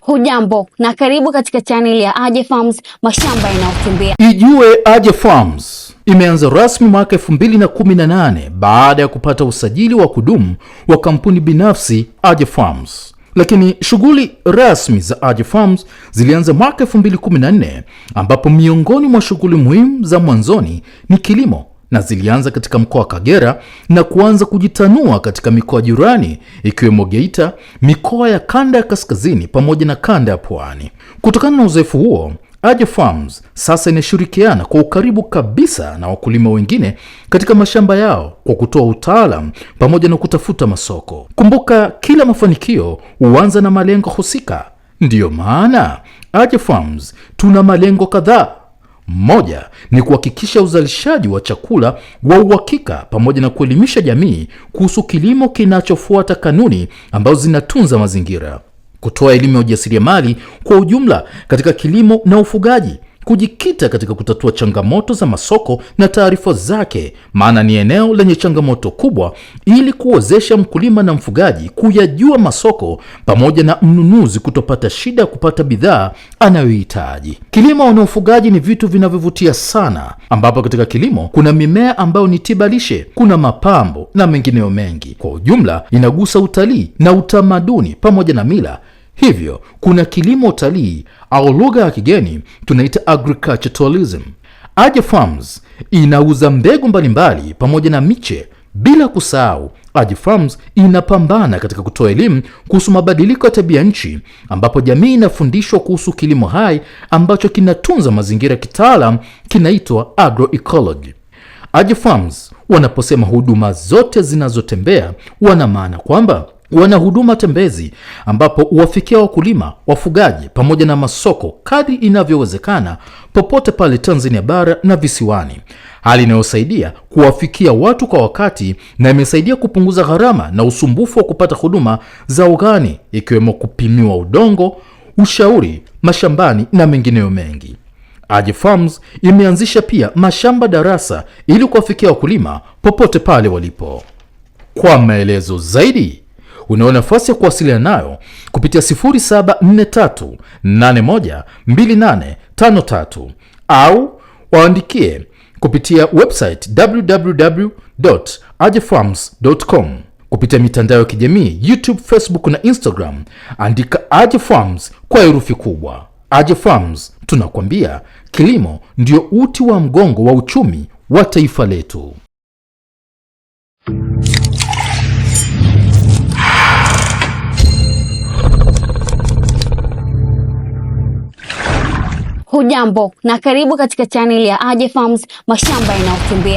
Hujambo na karibu katika chaneli ya Aje Farms, mashamba yanayokimbia. Ijue Aje Farms imeanza rasmi mwaka 2018 baada ya kupata usajili wa kudumu wa kampuni binafsi Aje Farms. Lakini shughuli rasmi za Aje Farms zilianza mwaka 2014 ambapo miongoni mwa shughuli muhimu za mwanzoni ni kilimo na zilianza katika mkoa wa Kagera na kuanza kujitanua katika mikoa jirani ikiwemo Geita, mikoa ya kanda ya kaskazini pamoja na kanda ya pwani. Kutokana na uzoefu huo, Aje Farms sasa inashirikiana kwa ukaribu kabisa na wakulima wengine katika mashamba yao kwa kutoa utaalam pamoja na kutafuta masoko. Kumbuka, kila mafanikio huanza na malengo husika. Ndiyo maana Aje Farms tuna malengo kadhaa. Moja ni kuhakikisha uzalishaji wa chakula wa uhakika pamoja na kuelimisha jamii kuhusu kilimo kinachofuata kanuni ambazo zinatunza mazingira kutoa elimu ya ujasiriamali kwa ujumla katika kilimo na ufugaji kujikita katika kutatua changamoto za masoko na taarifa zake, maana ni eneo lenye changamoto kubwa, ili kuwezesha mkulima na mfugaji kuyajua masoko pamoja na mnunuzi kutopata shida ya kupata bidhaa anayohitaji. Kilimo na ufugaji ni vitu vinavyovutia sana, ambapo katika kilimo kuna mimea ambayo ni tiba lishe, kuna mapambo na mengineyo mengi. Kwa ujumla, inagusa utalii na utamaduni pamoja na mila Hivyo kuna kilimo talii au lugha ya kigeni tunaita agriculture tourism. Aje Farms inauza mbegu mbalimbali pamoja na miche. Bila kusahau, Aje Farms inapambana katika kutoa elimu kuhusu mabadiliko ya tabia nchi, ambapo jamii inafundishwa kuhusu kilimo hai ambacho kinatunza mazingira ya kitaalam kinaitwa agroecology. Aje Farms wanaposema huduma zote zinazotembea, wana maana kwamba wana huduma tembezi ambapo huwafikia wakulima, wafugaji pamoja na masoko kadri inavyowezekana popote pale Tanzania bara na visiwani, hali inayosaidia kuwafikia watu kwa wakati na imesaidia kupunguza gharama na usumbufu wa kupata huduma za ugani ikiwemo kupimiwa udongo, ushauri mashambani na mengineyo mengi. AJI Farms imeanzisha pia mashamba darasa ili kuwafikia wakulima popote pale walipo. Kwa maelezo zaidi Unaona nafasi ya kuwasiliana nayo kupitia 0743812853 au waandikie kupitia website www.ajfarms.com kupitia mitandao ya kijamii YouTube, Facebook na Instagram, andika Aje Farms kwa herufi kubwa. Aje Farms, tunakwambia kilimo ndio uti wa mgongo wa uchumi wa taifa letu. Hujambo na karibu katika chaneli ya Aje Farms, mashamba yanayokimbia.